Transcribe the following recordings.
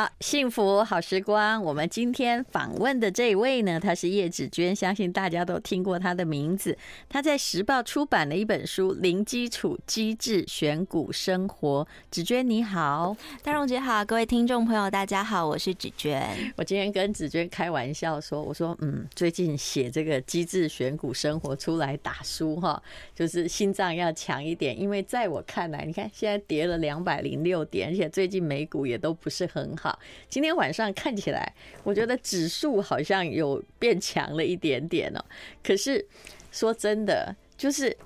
好，幸福好時光。我們今天訪問的這一位呢，他是葉芷娟，相信大家都聽過他的名字。他在時報出版了一本書《零基礎機智選股生活》，芷娟你好，大榮姐好，各位聽眾朋友大家好，我是芷娟。我今天跟芷娟開玩笑說，我說嗯，最近寫這個機智選股生活出來打書哈，就是心臟要強一點，因為在我看來，你看現在跌了兩百零六點，而且最近美股也都不是很好。今天晚上看起來，我覺得指數好像有變強了一點點哦、喔。可是說真的，就是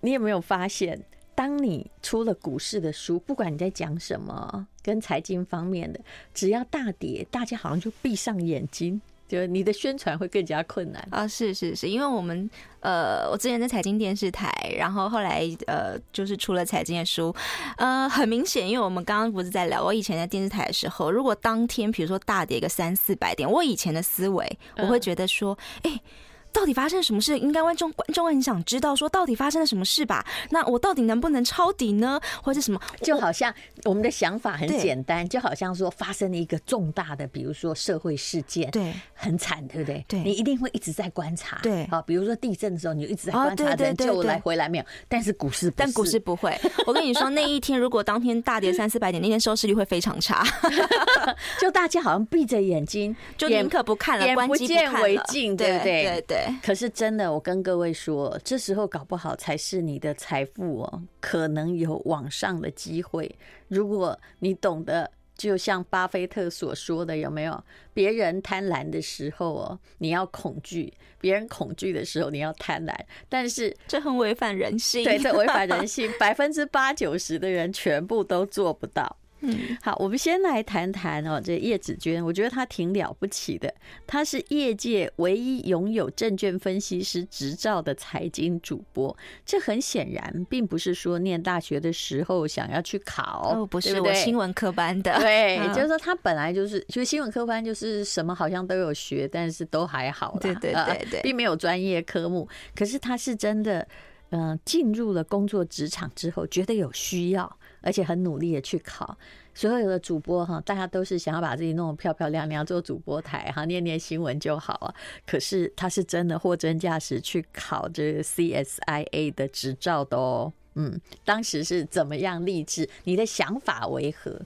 你有沒有發現，當你出了股市的書，不管你在講什麼跟財經方面的，只要大跌，大家好像就閉上眼睛。就你的宣傳會更加困難啊！是是是，因為我們呃，我之前在財經電視台，然後後來呃，就是出了財經的書，呃，很明顯，因為我們剛剛不是在聊，我以前在電視台的時候，如果當天比如說大跌個三四百點，我以前的思維，我會覺得說，哎、嗯。欸到底發生了什麼事？應該觀眾觀眾很想知道，說到底發生了什麼事吧？那我到底能不能抄底呢？或者什麼？就好像我們的想法很簡單，就好像說發生了一個重大的，比如說社會事件，對，很慘，對不對？對，你一定會一直在觀察，對啊，比如說地震的時候，你一直在觀察人就來回來沒有？但是股市，但股市不會。我跟你說，那一天如果當天大跌三四百點，那天收視率會非常差，就大家好像閉着眼睛，寧可不看了，眼不見為淨，對不對？對。可是真的，我跟各位說，這時候搞不好才是你的財富哦，可能有往上的機會。如果你懂得，就像巴菲特所說的，有沒有？別人貪婪的時候哦，你要恐懼；別人恐懼的時候，你要貪婪。但是這很違反人性，對，這違反人性，百分之八九十的人全部都做不到。嗯，好，我們先來談談哦，這葉芷娟，我覺得她挺了不起的。她是業界唯一擁有證券分析師執照的財經主播。這很顯然，並不是說念大學的時候想要去考，哦，不是，我新聞科班的，對，對啊，也就是說他本來就是，其實新聞科班就是什麼好像都有學，但是都還好，對對對對，啊，並沒有專業科目。可是他是真的，嗯、呃，進入了工作職場之後，覺得有需要。而且很努力的去考，所有的主播哈，大家都是想要把自己弄得漂漂亮亮做主播台哈，念念新聞就好了、啊。可是他是真的貨真價實去考這個 CSIA 的執照的哦、喔。嗯，當時是怎麼樣立志？你的想法為何？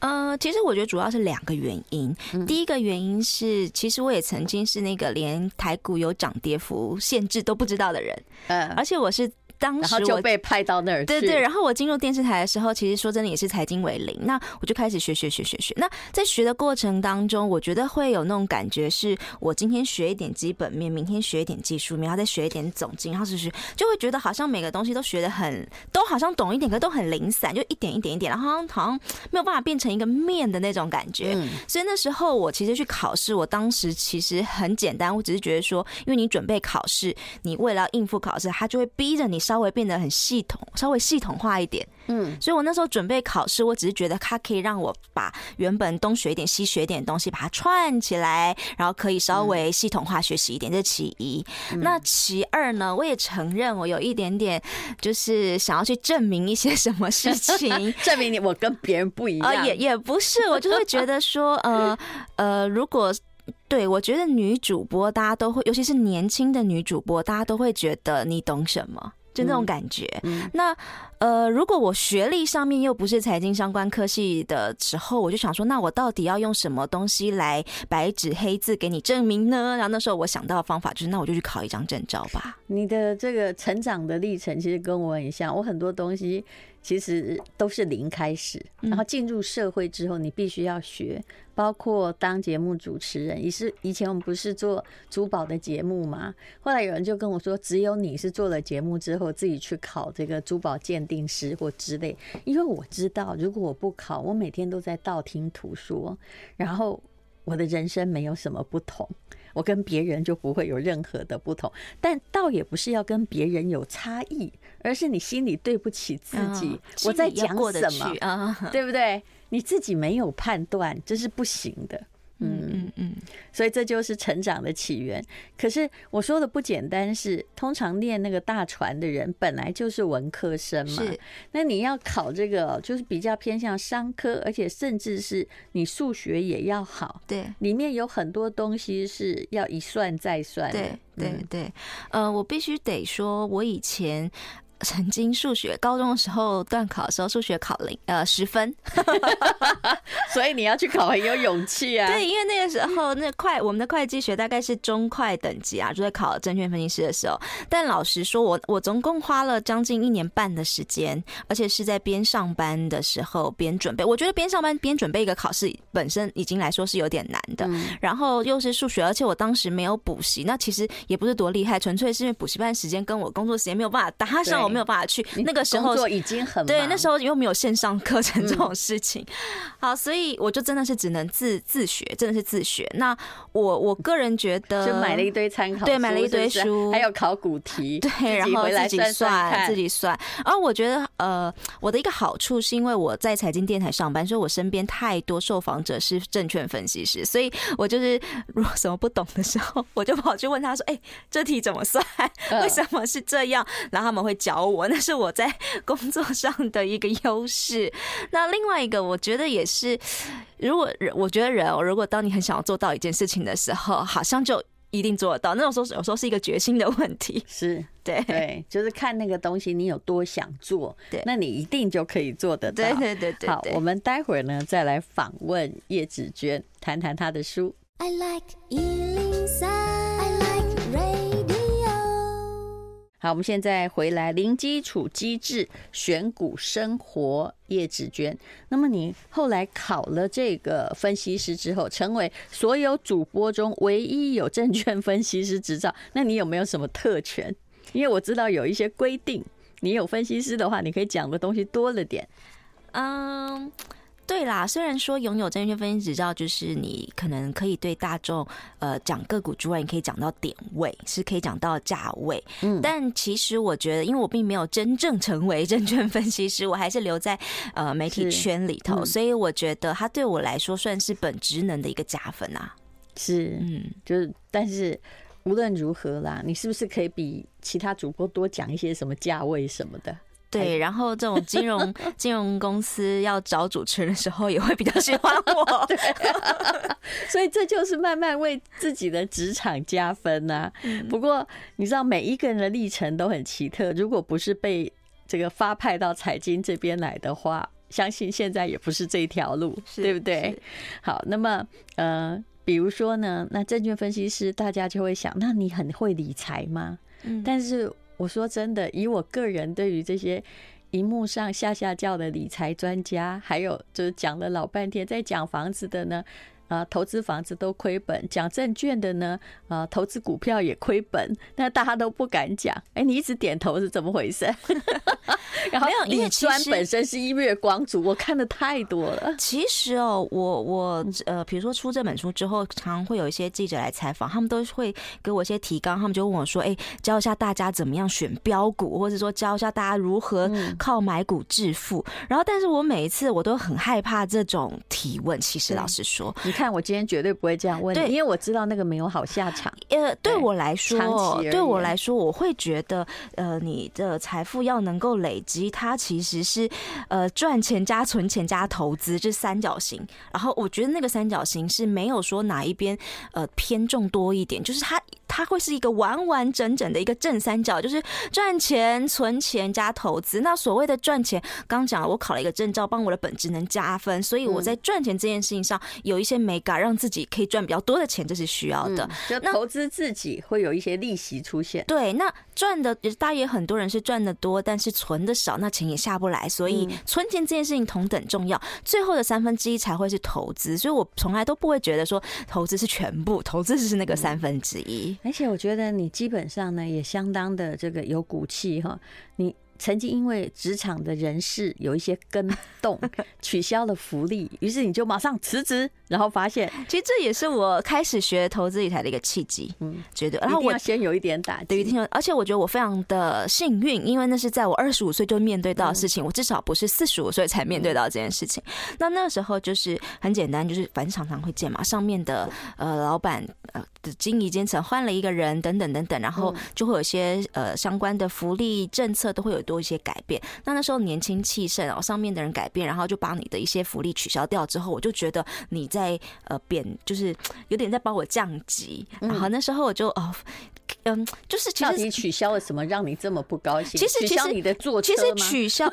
嗯、呃，其實我覺得主要是兩個原因。嗯、第一個原因是，其實我也曾經是那個連台股有漲跌幅限制都不知道的人，嗯，而且我是。當時就被派到那兒，對對。然後我進入電視台的時候，其實說真的也是財經為零。那我就開始學學學學學學。那在學的過程當中，我覺得會有那種感覺，是我今天學一點基本面，明天學一點技術面，然後再學一點總經，然後就是就會覺得好像每個東西都學得很，都好像懂一點，可都很零散，就一點一點一點，然後好像沒有辦法變成一個面的那種感覺。所以那時候我其實去考試，我當時其實很簡單，我只是覺得說，因為你準備考試，你為了應付考試，他就會逼着你。稍微變得很系統，稍微系統化一點，嗯，所以我那時候準備考試，我只是覺得它可以讓我把原本東學一點西學一點東西把它串起來，然後可以稍微系統化學習一點，嗯、這是其一。那其二呢？我也承認我有一點點就是想要去證明一些什麼事情， 證明你我跟別人不一樣。啊、呃，也也不是，我就會覺得說， 呃呃，如果，對，我覺得女主播大家都會，尤其是年輕的女主播，大家都會覺得你懂什麼。就那種感覺。嗯嗯、那呃，如果我學歷上面又不是財經相關科系的時候，我就想說，那我到底要用什麼東西來白紙黑字給你證明呢？然後那時候我想到的方法就是，那我就去考一張證照吧。你的這個成長的歷程其實跟我很像，我很多東西。其實都是零開始，然後進入社會之後，你必須要學，嗯、包括當節目主持人。也是以前我們不是做珠寶的節目嘛，後來有人就跟我說，只有你是做了節目之後，自己去考這個珠寶鑑定師或之類。因為我知道，如果我不考，我每天都在道聽途說，然後我的人生沒有什麼不同。我跟別人就不會有任何的不同，但倒也不是要跟別人有差異，而是你心裡對不起自己。哦、過我在講什麼？啊、對不對？你自己沒有判斷，這是不行的。嗯嗯嗯，所以這就是成長的起源。可是我說的不簡單是，是通常念那個大傳的人本來就是文科生嘛。是。那你要考這個，就是比較偏向商科，而且甚至是你數學也要好。對。裡面有很多東西是要一算再算的。對。對對對。嗯、呃，我必須得說，我以前。曾經數學高中的時候，段考的時候數學考零呃十分， 所以你要去考很有勇氣啊。 對，因為那個時候那會我們的會計學大概是中會等級啊，就在考證券分析師的時候。但老實說我，我我總共花了將近一年半的時間，而且是在邊上班的時候邊準備。我覺得邊上班邊準備一個考試本身已經來說是有點難的，嗯、然後又是數學，而且我當時沒有補習，那其實也不是多厲害，純粹是因為補習班時間跟我工作時間沒有辦法搭上。我沒有辦法去，那個時候已經很忙對，那時候又沒有線上課程這種事情，嗯、好，所以我就真的是只能自自學，真的是自學。那我我個人覺得，就買了一堆參考書是不是，對，買了一堆書，還有考古題，對，回來然後自己算，算算看自己算。而我覺得，呃，我的一個好處是因為我在財經電台上班，所以我身邊太多受訪者是證券分析師，所以我就是如果什麼不懂的時候，我就跑去問他說：“哎、欸，這題怎麼算？為什麼是這樣？”然後他們會講。我那是我在工作上的一個優勢。那另外一個，我覺得也是，如果我覺得人，如果當你很想要做到一件事情的時候，好像就一定做得到。那種時候，有時候是一個決心的問題。是對，對，就是看那個東西你有多想做，對，那你一定就可以做得到。對，對對對對。好，我們待會兒呢再來訪問葉芷娟，談談她的書。I like 一零三。好，我們現在回來零基礎機智選股生活，葉芷娟。那麼你後來考了這個分析師之後，成為所有主播中唯一有證券分析師執照，那你有沒有什麼特權？因為我知道有一些規定，你有分析師的話，你可以講的東西多了點。嗯。對啦，雖然說擁有證券分析執照，就是你可能可以對大眾呃講個股之外，你可以講到點位，是可以講到價位。嗯，但其實我覺得，因為我並沒有真正成為證券分析師，我還是留在呃媒體圈裡頭，嗯，所以我覺得它對我來說算是本職能的一個加分啊。是，嗯，就是，但是無論如何啦，你是不是可以比其他主播多講一些什麼價位什麼的？對，然後這種金融金融公司要找主持人的時候，也會比較喜歡我 對、啊，所以這就是慢慢為自己的職場加分吶、啊。嗯、不過你知道，每一個人的歷程都很奇特，如果不是被這個發派到財經這邊來的話，相信現在也不是這條路，是對不對？是好，那麼呃，比如說呢，那證券分析師，大家就會想，那你很會理財嗎？嗯，但是。我說真的，以我個人對於這些熒幕上下下叫的理財專家，還有就是講了老半天在講房子的呢。呃、啊、投資房子都虧本，講證券的呢，呃、啊、投資股票也虧本，那大家都不敢講。哎、欸，你一直點頭是怎麼回事？ 然後芷娟 本身是月光族，我看的太多了。其實哦，我我呃，比如說出這本書之後，常常會有一些記者來採訪，他們都會給我一些提綱，他們就問我說，哎、欸，教一下大家怎麼樣選標股，或者說教一下大家如何靠買股致富。嗯、然後，但是我每一次我都很害怕這種提問。其實老實說。嗯看，我今天絕對不會這樣問，對，因為我知道那個沒有好下場。呃，對，對我來說，對我來說，我會覺得，呃，你的財富要能夠累積，它其實是，呃，賺錢加存錢加投資這、就是、三角形。然後，我覺得那個三角形是沒有說哪一邊，呃，偏重多一點，就是它，它會是一個完完整整的一個正三角，就是賺錢、存錢加投資。那所謂的賺錢，剛講我考了一個證照，幫我的本職能加分，所以我在賺錢這件事情上有一些。讓自己可以賺比較多的錢，這是需要的。嗯、就投資自己會有一些利息出現。對，那賺的也大約很多人是賺的多，但是存的少，那錢也下不來。所以存錢這件事情同等重要，最後的三分之一才會是投資。所以我從來都不會覺得說投資是全部，投資是那個三分之一。而且我覺得你基本上呢，也相當的這個有骨氣哈，你。曾經因為職場的人事有一些更動， 取消了福利，於是你就馬上辭職，然後發現其實這也是我開始學投資理財的一個契機，嗯，絕對，然後我要先有一點打擊，對，而且我覺得我非常的幸運，因為那是在我二十五歲就面對到的事情，嗯、我至少不是四十五歲才面對到這件事情。嗯、那那時候就是很簡單，就是反正常常會見嘛，上面的呃老板呃的經營階層換了一個人，等等等等，等等然後就會有些呃相關的福利政策都會有。多一些改變，那那時候年輕氣盛哦，上面的人改變，然後就把你的一些福利取消掉之後，我就覺得你在呃貶，就是有點在把我降級，嗯、然後那時候我就哦。嗯，就是其實取消了什麼讓你這麼不高興？其實其實你的坐車嗎，其實取消，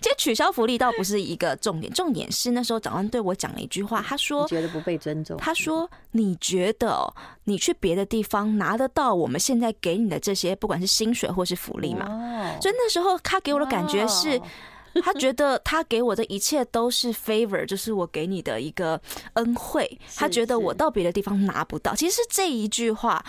其實取消福利倒不是一個重點，重點是那時候長官對我講了一句話，他說你覺得不被尊重？他說你覺得你去別的地方拿得到我們現在給你的這些，不管是薪水或是福利嘛？Wow. 所以那時候他給我的感覺是。 他覺得他給我的一切都是 favor，就是我給你的一個恩惠，是是他覺得我到別的地方拿不到。其實是這一句話，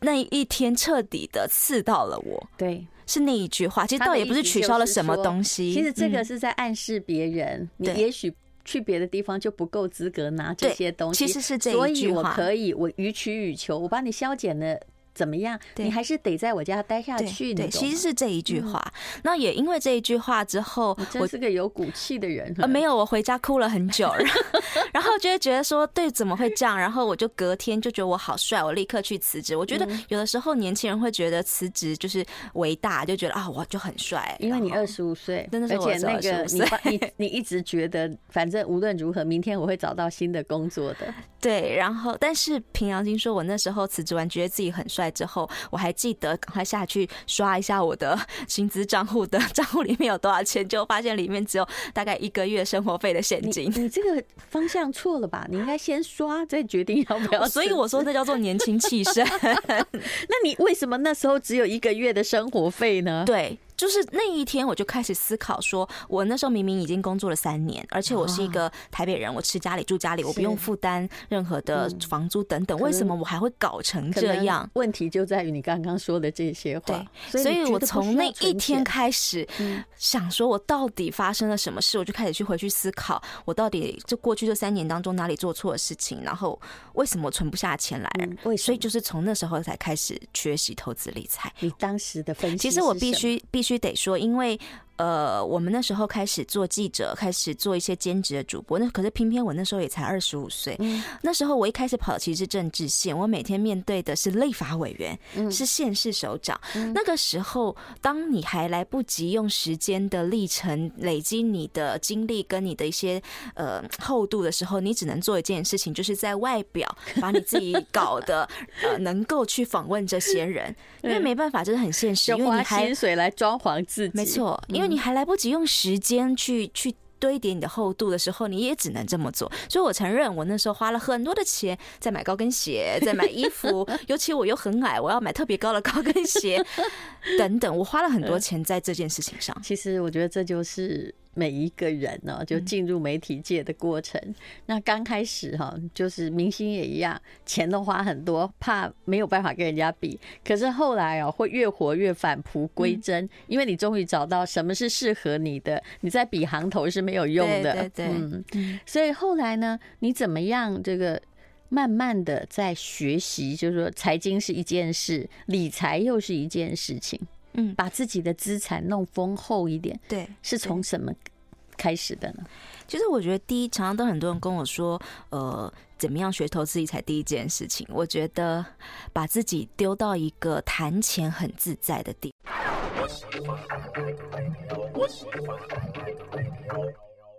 那一天徹底的刺到了我。對，是那一句話。其實倒也不是取消了什麼東西。其實這個是在暗示別人，嗯、對你也許去別的地方就不夠資格拿這些東西。其實是這一句話。所以我可以，我予取予求，我幫你消減了。怎麼樣？對你還是得在我家待下去對。對，其實是這一句話。嗯、那也因為這一句話之後，我是個有骨氣的人。呃，沒有，我回家哭了很久， 然後就會覺得說，對，怎麼會這樣？然後我就隔天就覺得我好帥，我立刻去辭職。我覺得有的時候年輕人會覺得辭職就是偉大，就覺得啊，我就很帥。因為你二十五歲，真的是我那個，你你你一直覺得， 反正無論如何，明天我會找到新的工作的。對，然後但是憑良心說，我那時候辭職完，覺得自己很帥。之後我還記得趕快下去刷一下我的薪資賬戶的賬戶裡面有多少錢，就發現裡面只有大概一個月生活費的現金。你，你這個方向錯了吧？你應該先刷再決定要不要，哦。所以我說這叫做年輕氣盛。那你為什麼那時候只有一個月的生活費呢？對。就是那一天，我就開始思考，說我那時候明明已經工作了三年，而且我是一個台北人，我吃家裡住家裡，我不用負擔任何的房租等等，嗯、為什麼我還會搞成這樣？問題就在於你剛剛說的這些話。對所以我從那一天開始想說，我到底發生了什麼事？嗯、我就開始去回去思考，我到底這過去這三年當中哪裡做錯了事情，然後為什麼我存不下錢來，嗯、為。所以就是從那時候才開始學習投資理財。你當時的分析，其實我必須必須得說，因為。呃，我們那時候開始做記者，開始做一些兼職的主播。那可是偏偏我那時候也才二十五歲。嗯、那時候我一開始跑其實是政治線，我每天面對的是立法委員，嗯、是縣市首長。嗯、那個時候，當你還來不及用時間的歷程累積你的經歷跟你的一些呃厚度的時候，你只能做一件事情，就是在外表把你自己搞得 呃能夠去訪問這些人，因為沒辦法，這是很現實，嗯、因為你還薪水來裝潢自己，沒錯，因、嗯、為。你還來不及用時間去去堆疊你的厚度的時候，你也只能這麼做。所以我承認，我那時候花了很多的錢在買高跟鞋，在買衣服， 尤其我又很矮，我要買特別高的高跟鞋 等等，我花了很多錢在這件事情上。其實，我覺得這就是。每一個人呢，就進入媒體界的過程，嗯、那剛開始哈，就是明星也一樣，錢都花很多，怕沒有辦法跟人家比。可是後來哦，會越活越返璞歸真，嗯、因為你終於找到什麼是適合你的，你在比行頭是沒有用的。對對對。嗯，所以後來呢，你怎麼樣這個慢慢的在學習，就是說財經是一件事，理財又是一件事情。嗯，把自己的資產弄豐厚一點，對，是從什麼開始的呢？其實、就是、我覺得，第一，常常都很多人跟我說，呃，怎麼樣學投資理財第一件事情？我覺得把自己丟到一個談錢很自在的地方。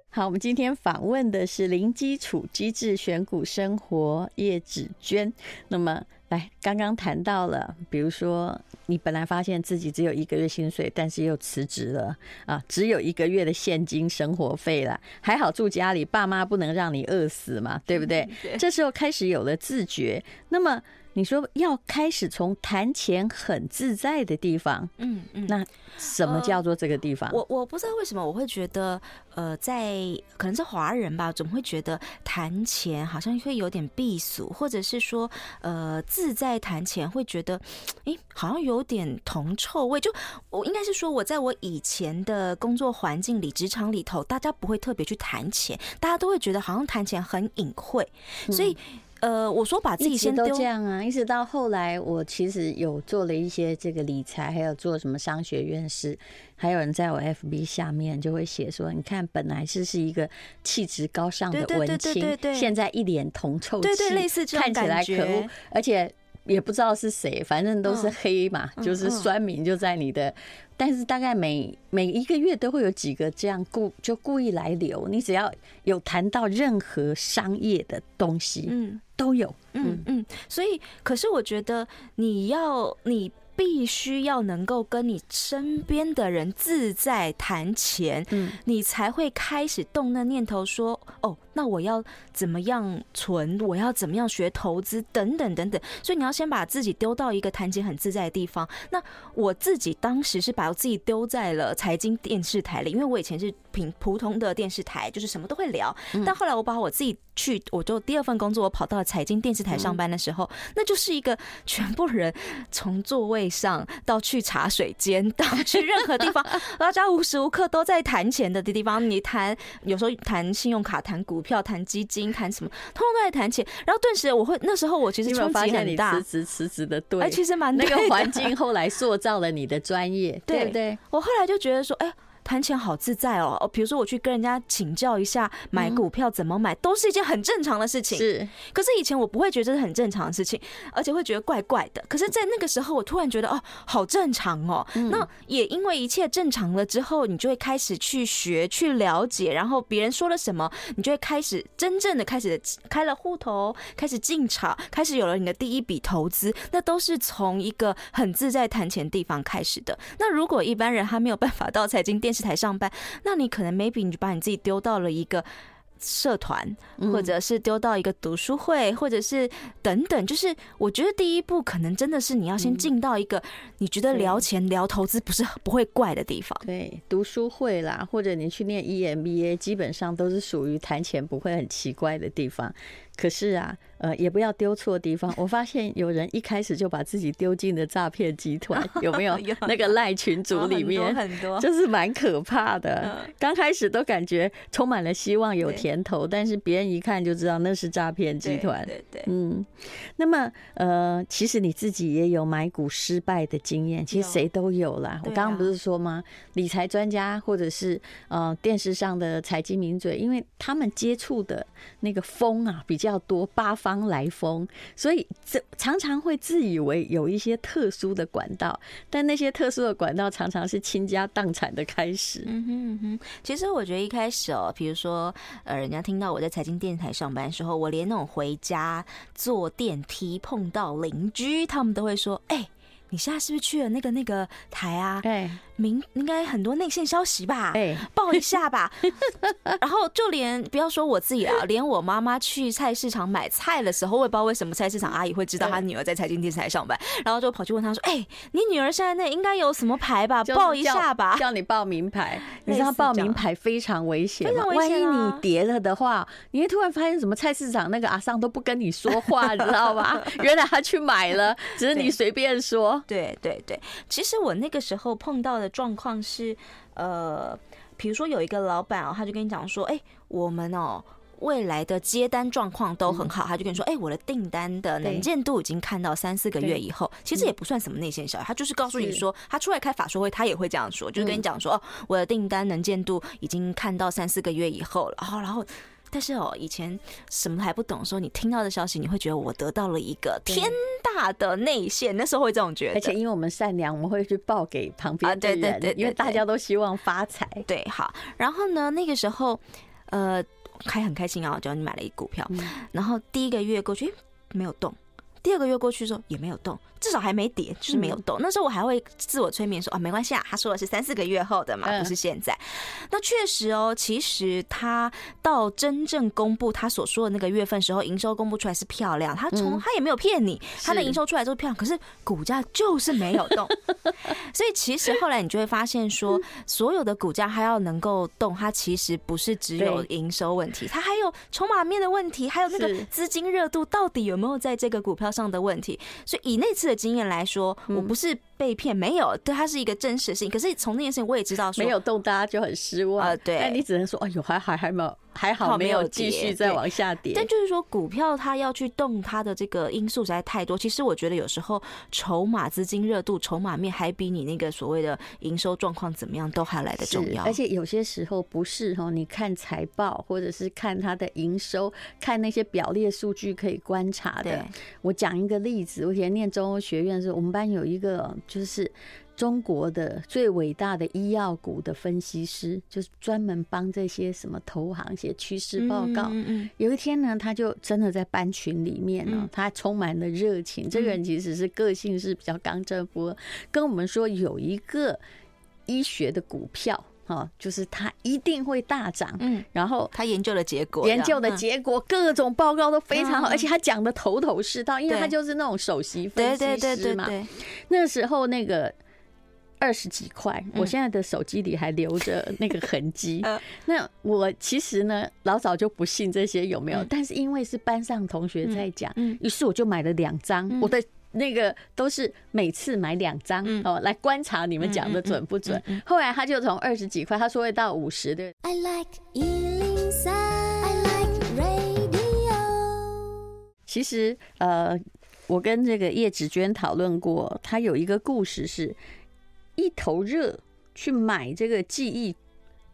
好，我們今天訪問的是零基礎機智選股生活葉芷娟，那麼。來，剛剛談到了，比如說你本來發現自己只有一個月薪水，但是又辭職了啊，只有一個月的現金生活費了，還好住家裡，爸媽不能讓你餓死嘛，對不對？ 這時候開始有了自覺，那麼。你說要開始從談錢很自在的地方，嗯，嗯，那什麼叫做這個地方？呃、我我不知道為什麼我會覺得，呃，在可能是華人吧，總會覺得談錢好像會有點避俗，或者是說，呃，自在談錢會覺得誒，好像有點銅臭味。就我應該是說，我在我以前的工作環境裡，職場裡頭，大家不會特別去談錢，大家都會覺得好像談錢很隱晦，嗯、所以。呃，我說把自己先丟都這樣啊，一直到後來，我其實有做了一些這個理財，還有做什麼商學院士，還有人在我 FB 下面就會寫說，你看本來是是一個氣質高尚的文青，現在一臉銅臭氣，對對，對，類似這種感覺，看起來可惡，而且。也不知道是誰，反正都是黑嘛，oh, 就是酸民就在你的，oh, oh. 但是大概每每一個月都會有幾個這樣故就故意來留你，只要有談到任何商業的東西，嗯，都有，嗯嗯，所以可是我覺得你要你必須要能夠跟你身邊的人自在談錢，嗯，你才會開始動那念頭說哦。那我要怎麼樣存？我要怎麼樣學投資？等等等等。所以你要先把自己丟到一個談錢很自在的地方。那我自己當時是把我自己丟在了財經電視台裡，因為我以前是平普通的電視台，就是什麼都會聊。但後來我把我自己去，我就第二份工作，我跑到了財經電視台上班的時候，那就是一個全部人從座位上到去茶水間到去任何地方，大家 無時無刻都在談錢的的地方。你談有時候談信用卡，談股票。票談基金，談什麼，通通都在談錢。然後頓時我會，那時候我其實衝擊很大。你辭職，辭職的對，哎、欸，其實蠻那個環境後來塑造了你的專業， 對不對？對，我後來就覺得說，哎、欸。談錢好自在哦，哦，比如說我去跟人家請教一下買股票怎麼買，嗯、都是一件很正常的事情。是，可是以前我不會覺得這是很正常的事情，而且會覺得怪怪的。可是，在那個時候，我突然覺得哦，好正常哦。嗯、那也因為一切正常了之後，你就會開始去學、去了解，然後別人說了什麼，你就會開始真正的開始開了戶頭，開始進場，開始有了你的第一筆投資。那都是從一個很自在談錢的地方開始的。那如果一般人他沒有辦法到財經電視，台上班，那你可能 maybe 你就把你自己丟到了一個社團，或者是丟到一個讀書會，嗯、或者是等等。就是我覺得第一步可能真的是你要先進到一個你覺得聊錢聊投資不是不會怪的地方。對，讀書會啦，或者你去念 EMBA，基本上都是屬於談錢不會很奇怪的地方。可是啊，呃，也不要丟錯地方。我發現有人一開始就把自己丟進了詐騙集團， 有沒有？有啊、那個賴群組裡面，啊、很多，很多就是蠻可怕的。剛、啊、開始都感覺充滿了希望，有甜頭，對但是別人一看就知道那是詐騙集團。對，對對。嗯，那麼呃，其實你自己也有買股失敗的經驗，其實誰都有啦。有，我剛剛不是說嗎？啊、理財專家或者是呃電視上的財經名嘴，因為他們接觸的那個風啊，比較。要多八方來風，所以這常常會自以為有一些特殊的管道，但那些特殊的管道常常是傾家蕩產的開始。嗯哼嗯哼，其實我覺得一開始哦、喔，比如說呃，人家聽到我在財經電台上班的時候，我連那種回家坐電梯碰到鄰居，他們都會說：“哎、欸，你現在是不是去了那個那個臺啊？”對。明應該很多內線消息吧，哎，報一下吧。 然後就連不要說我自己啊，連我媽媽去菜市場買菜的時候，我也不知道為什麼菜市場阿姨會知道她女兒在財經電視台上班，對 然後就跑去問她說：“哎、欸，你女兒現在那應該有什麼牌吧？報一下吧。”叫你報名牌，你知道報名牌非常危險，萬一你跌了的話，你會突然發現什麼？菜市場那個阿桑都不跟你說話，你 知道吧？原來她去買了， 只是你隨便說。對對對，其實我那個時候碰到的。狀況是，呃，比如說有一個老闆哦、喔，他就跟你講說，哎、欸，我們哦、喔、未來的接單狀況都很好，嗯、他就跟你說，哎、欸，我的訂單的能見度已經看到三四個月以後，對其實也不算什麼內線消息，嗯、他就是告訴你說，是他出來開法說會，他也會這樣說，就跟你講說，嗯、哦，我的訂單能見度已經看到三四個月以後，了。後、哦、然後。但是哦，以前什麼還不懂的時候，說，你聽到的消息，你會覺得我得到了一個天大的內線，對那時候會這種覺得。而且因為我們善良，我們會去報給旁邊的人。啊，對對，對對對，因為大家都希望發財。對，好，然後呢，那個時候，呃，還很開心啊、哦，就你買了一股票，嗯、然後第一個月過去、欸、沒有動。第二個月過去之後也沒有動，至少還沒跌，就是沒有動。嗯、那時候我還會自我催眠說：“啊，沒關係啊。”他說的是三四個月後的嘛，不是現在。嗯、那確實哦，其實他到真正公布他所說的那個月份時候，營收公布出來是漂亮，他從他也沒有騙你，嗯、他的營收出來就是漂亮。是可是股價就是沒有動。 所以其實後來你就會發現說，所有的股價他要能夠動，它其實不是只有營收問題，對他還有籌碼面的問題，還有那個資金熱度到底有沒有在這個股票。上的問題，所以以那次的經驗來說，嗯、我不是。被騙沒有，對，它是一個真實性。可是從那件事情，我也知道說沒有動，大家就很失望啊、呃。對，但你只能說，哎呦，還好，還沒有，還好沒有繼續再往下跌。但就是說，股票它要去動它的這個因素實在太多。其實我覺得有時候籌碼、資金熱度、籌碼面還比你那個所謂的營收狀況怎麼樣都還來得重要。而且有些時候不是哈，你看財報或者是看它的營收，看那些表列數據可以觀察的。對我講一個例子，我以前念中歐學院的時候，我們班有一個。就是中國的最偉大的醫藥股的分析師，就是專門幫這些什麼投行寫趨勢報告。嗯，有一天呢，他就真的在班群裡面呢，哦，嗯，他充滿了熱情。這個人其實是個性是比較剛正不阿，跟我們說有一個醫學的股票。哦，就是他一定會大漲，嗯，然後他研究的結果，研究的結果，各種報告都非常好，而且他講的頭頭是道，因為他就是那種首席分析師嘛。那時候那個二十幾塊，我現在的手機裡還留着那個痕跡。那我其實呢，老早就不信這些有沒有，但是因為是班上同學在講，於是我就買了兩張我的。那個都是每次買兩張，嗯、哦，來觀察你們講的準不準？嗯嗯嗯嗯嗯、後來他就從二十幾塊，他說會到五十的。I like 一零三，I like radio。其實呃，我跟這個葉芷娟討論過，他有一個故事是，一頭熱去買這個記憶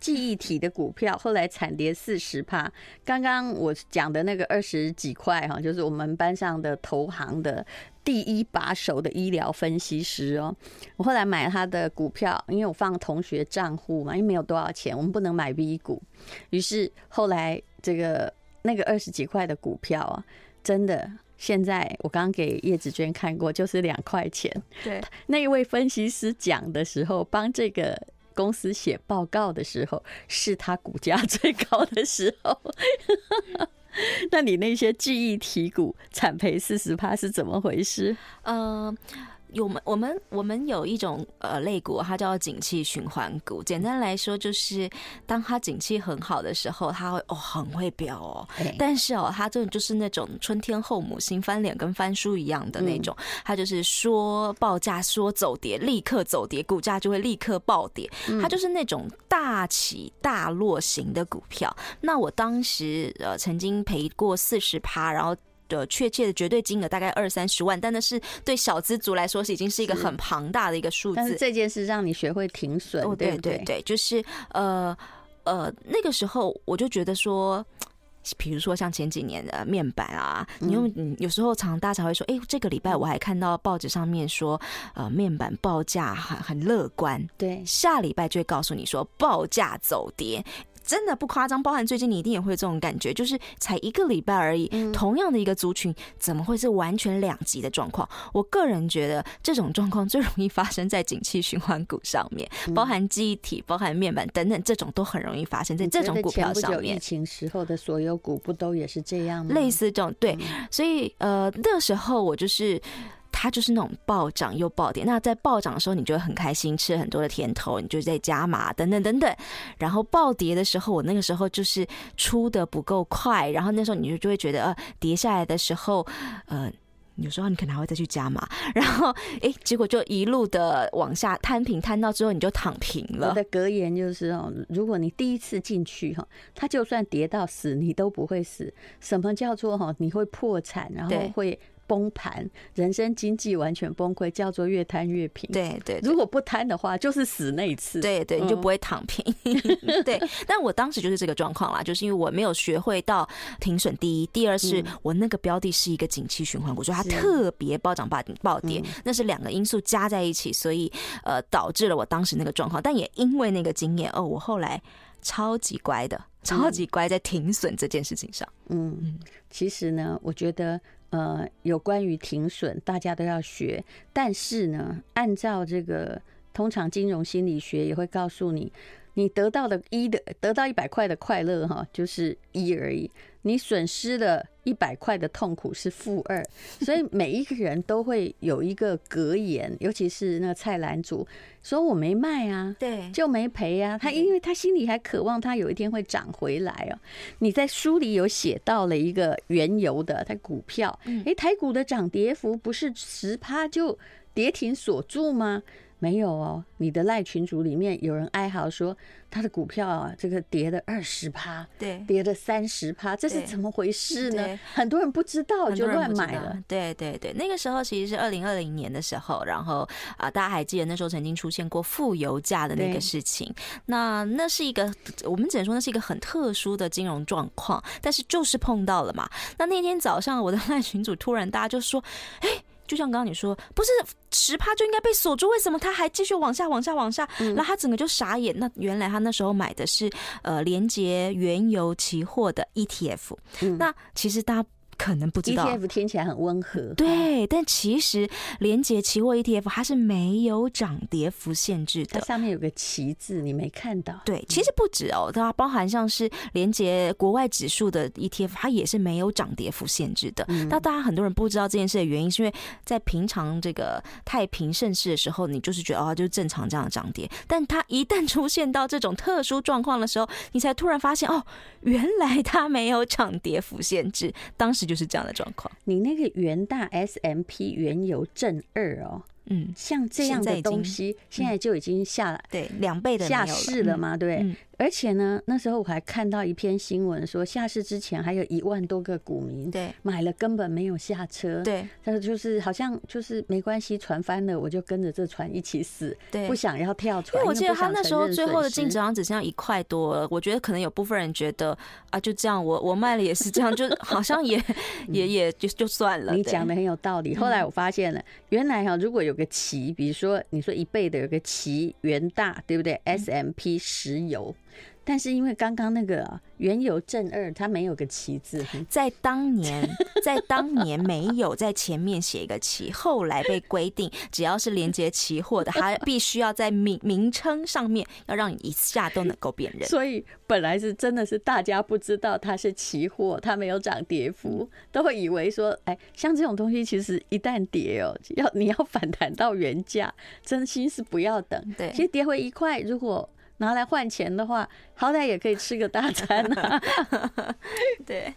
記憶體的股票，後來慘跌四十趴。剛剛我講的那個二十幾塊哈，就是我們班上的投行的。第一把手的醫療分析師哦，我後來買了他的股票，因為我放同學賬戶嘛，因為沒有多少錢，我們不能買 V 股。於是後來這個那個二十幾塊的股票啊，真的，現在我剛給葉芷娟看過，就是兩塊錢。對，那一位分析師講的時候，幫這個公司寫報告的時候，是他股價最高的時候。 那你那些記憶體股慘賠四十趴是怎麼回事？嗯。呃有我們我們有一種呃、類股，它叫做景氣循環股。簡單來說，就是當它景氣很好的時候，它會哦很會飆哦。但是哦，它這種就是那種春天後母心翻臉跟翻書一樣的那種，它就是說，報價說走跌，立刻走跌，股價就會立刻暴跌。它就是那種大起大落型的股票。那我當時呃，曾經賠過四十趴，然後。的確切的絕對金額大概二三十萬，但那是對小資族來說是已經是一個很龐大的一個數字。但是這件事讓你學會停損，哦、對,對,對對對，就是呃呃那個時候我就覺得說，比如說像前幾年的面板啊，嗯、你用有時候常大家才會說，哎、欸，這個禮拜我還看到報紙上面說，呃，面板報價很很樂觀，對，下禮拜就會告訴你說報價走跌。真的不誇張，包含最近你一定也會有這種感覺，就是才一個禮拜而已，嗯、同樣的一個族群，怎麼會是完全兩極的狀況？我個人覺得這種狀況最容易發生在景氣循環股上面，嗯、包含記憶體、包含面板等等，這種都很容易發生在這種股票上面。疫情時候的所有股不都也是這樣嗎？類似這種，對，所以、嗯、呃那時候我就是。它就是那種暴漲又暴跌。那在暴漲的時候，你就會很開心，吃了很多的甜頭，你就在加碼等等等等。然後暴跌的時候，我那個時候就是出得不夠快。然後那時候你就就會覺得，呃，跌下來的時候，呃，有時候你可能還會再去加碼。然後哎，結果就一路的往下攤平攤到之後，你就躺平了。我的格言就是哦，如果你第一次進去哈，它就算跌到死，你都不會死。什麼叫做哈？你會破產，然後會，崩盤，人生經濟完全崩潰，叫做越貪越貧。對，對對，如果不貪的話，就是死那一次。對，對對，嗯、你就不會躺平。 對，但我當時就是這個狀況啦，就是因為我沒有學會到停損第一，第二是我那個標的是一個景氣循環股，我覺得它特別暴漲暴暴跌，是嗯、那是兩個因素加在一起，所以呃導致了我當時那個狀況。但也因為那個經驗，哦，我後來超級乖的，超級乖在停損這件事情上。嗯嗯，其實呢，我覺得。呃，有關於停損，大家都要學。但是呢，按照這個，通常金融心理學也會告訴你。你得到的一的得到一百塊的快樂哈，就是一而已。你損失的一百塊的痛苦是負二，所以每一個人都會有一個格言， 尤其是那個菜籃族說：“我沒賣啊，啊對，就沒賠啊。他因為他心裡還渴望，他有一天會漲回來哦、喔。你在書裡有寫到了一個原油的，它股票，誒、欸，台股的漲跌幅不是十趴就跌停鎖住嗎？沒有哦，你的賴群組裡面有人哀嚎說他的股票啊，這個跌了二十趴，對，跌了三十趴，這是怎麼回事呢？對很多人不知道就亂買了。對對對，那個時候其實是二零二零年的時候，然後啊、呃，大家還記得那時候曾經出現過負油價的那個事情。對那那是一個我們只能說那是一個很特殊的金融狀況，但是就是碰到了嘛。那那天早上我的賴群組突然大家就說，哎。就像剛剛你說，不是十趴就應該被鎖住，為什麼他還繼續往下、往下、往下、嗯？然後他整個就傻眼。那原來他那時候買的是呃，連結原油期貨的 ETF、嗯。那其實大。可能不知道，ETF 聽起來很溫和，對，但其實連結期貨 ETF 它是沒有漲跌幅限制的。它上面有個旗幟，你沒看到？對，其實不止哦，它包含像是連結國外指數的 ETF，它也是沒有漲跌幅限制的。那、嗯、大家很多人不知道這件事的原因，是因為在平常這個太平盛世的時候，你就是覺得哦，就是正常這樣漲跌。但它一旦出現到這種特殊狀況的時候，你才突然發現哦，原來它沒有漲跌幅限制。當時。就是這樣的狀況。你那個元大 S M P 原油正二哦，嗯，像這樣的東西，現在，現在就已經下了、嗯，對，兩倍的了下市了嘛，嗯、對。嗯而且呢，那時候我還看到一篇新聞說，下市之前還有一萬多個股民對買了根本沒有下車，對，但是就是好像就是沒關係，船翻了我就跟着這船一起死，對，不想要跳船。因為我記得他那時候最後的淨值好像只剩一塊多了，我覺得可能有部分人覺得啊就這樣，我我賣了也是這樣，就好像也 也也就就算了。你講的很有道理。嗯、後來我發現了，原來哈，如果有個旗，比如說你說一倍的有個旗，元大，對不對？S M P 石油。但是因為剛剛那個原油正二，它沒有個“期”字，在當年，在當年沒有在前面寫一個“期”， 後來被規定，只要是連接期貨的，它必須要在名名稱上面要讓你一下都能夠辨認。所以本來是真的是大家不知道它是期貨，它沒有漲跌幅，都會以為說，哎，像這種東西，其實一旦跌哦、喔，要你要反彈到原價，真心是不要等。對，其實跌回一塊，如果。拿來換錢的話，好歹也可以吃個大餐啊！ 對，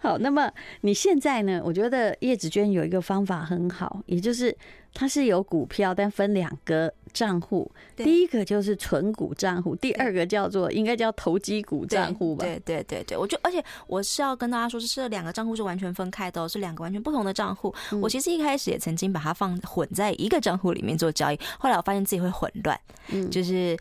好，那麼你現在呢？我覺得葉芷娟有一個方法很好，也就是它是有股票，但分兩個賬戶，對第一個就是存股賬戶，第二個叫做對應該叫投機股賬戶吧？對對對對，我就而且我是要跟大家說，是這兩個賬戶是完全分開的、哦，是兩個完全不同的賬戶。嗯、我其實一開始也曾經把它放混在一個賬戶裡面做交易，後來我發現自己會混亂，嗯，就是。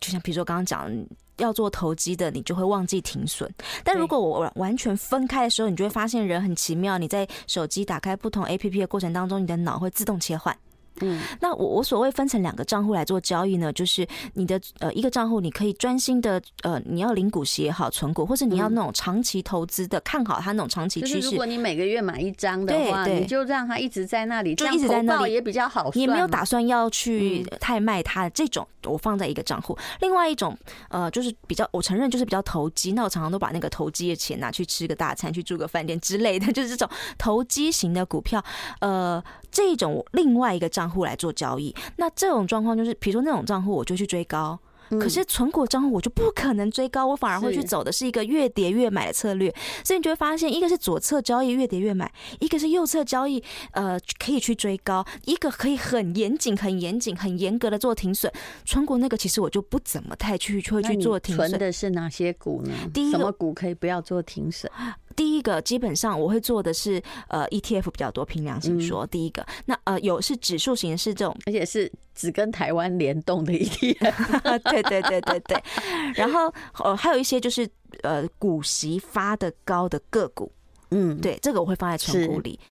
就像比如說剛剛，剛剛講要做投機的，你就會忘記停損。但如果我完全分開的時候，對你就會發現人很奇妙。你在手機打開不同 A P P 的過程當中，你的腦會自動切換。嗯，那我我所謂分成兩個賬戶來做交易呢，就是你的呃一個賬戶你可以專心的呃，你要領股息也好，存股或者你要那種長期投資的、嗯、看好它那種長期趨勢。就是如果你每個月買一張的話，對對，你就讓它一直在那裡，就一直在那裡也比較好。你也沒有打算要去太賣它這種，我放在一個賬戶。嗯、另外一種呃就是比較我承認就是比較投機，那我常常都把那個投機的錢拿去吃個大餐，去住個飯店之類的，就是這種投機型的股票。呃，這一種另外一個賬。賬戶來做交易，那這種狀況就是，比如說那種賬戶我就去追高，嗯、可是存股賬戶我就不可能追高，我反而會去走的是一個越跌越買的策略。是所以你就會發現，一個是左側交易越跌越買，一個是右側交易呃可以去追高，一個可以很嚴謹、很嚴謹、很嚴格的做停損。存股那個其實我就不怎麼太去會去做停損。存的是哪些股呢？第一，什麼股可以不要做停損？第一個基本上我會做的是呃 ETF 比較多，憑良心說，嗯、第一個那呃有是指數型是這種，而且是只跟台灣聯動的 ETF， 對對對對對，對。然後呃還有一些就是呃股息發的高的個股，嗯，對，這個我會放在存股裡。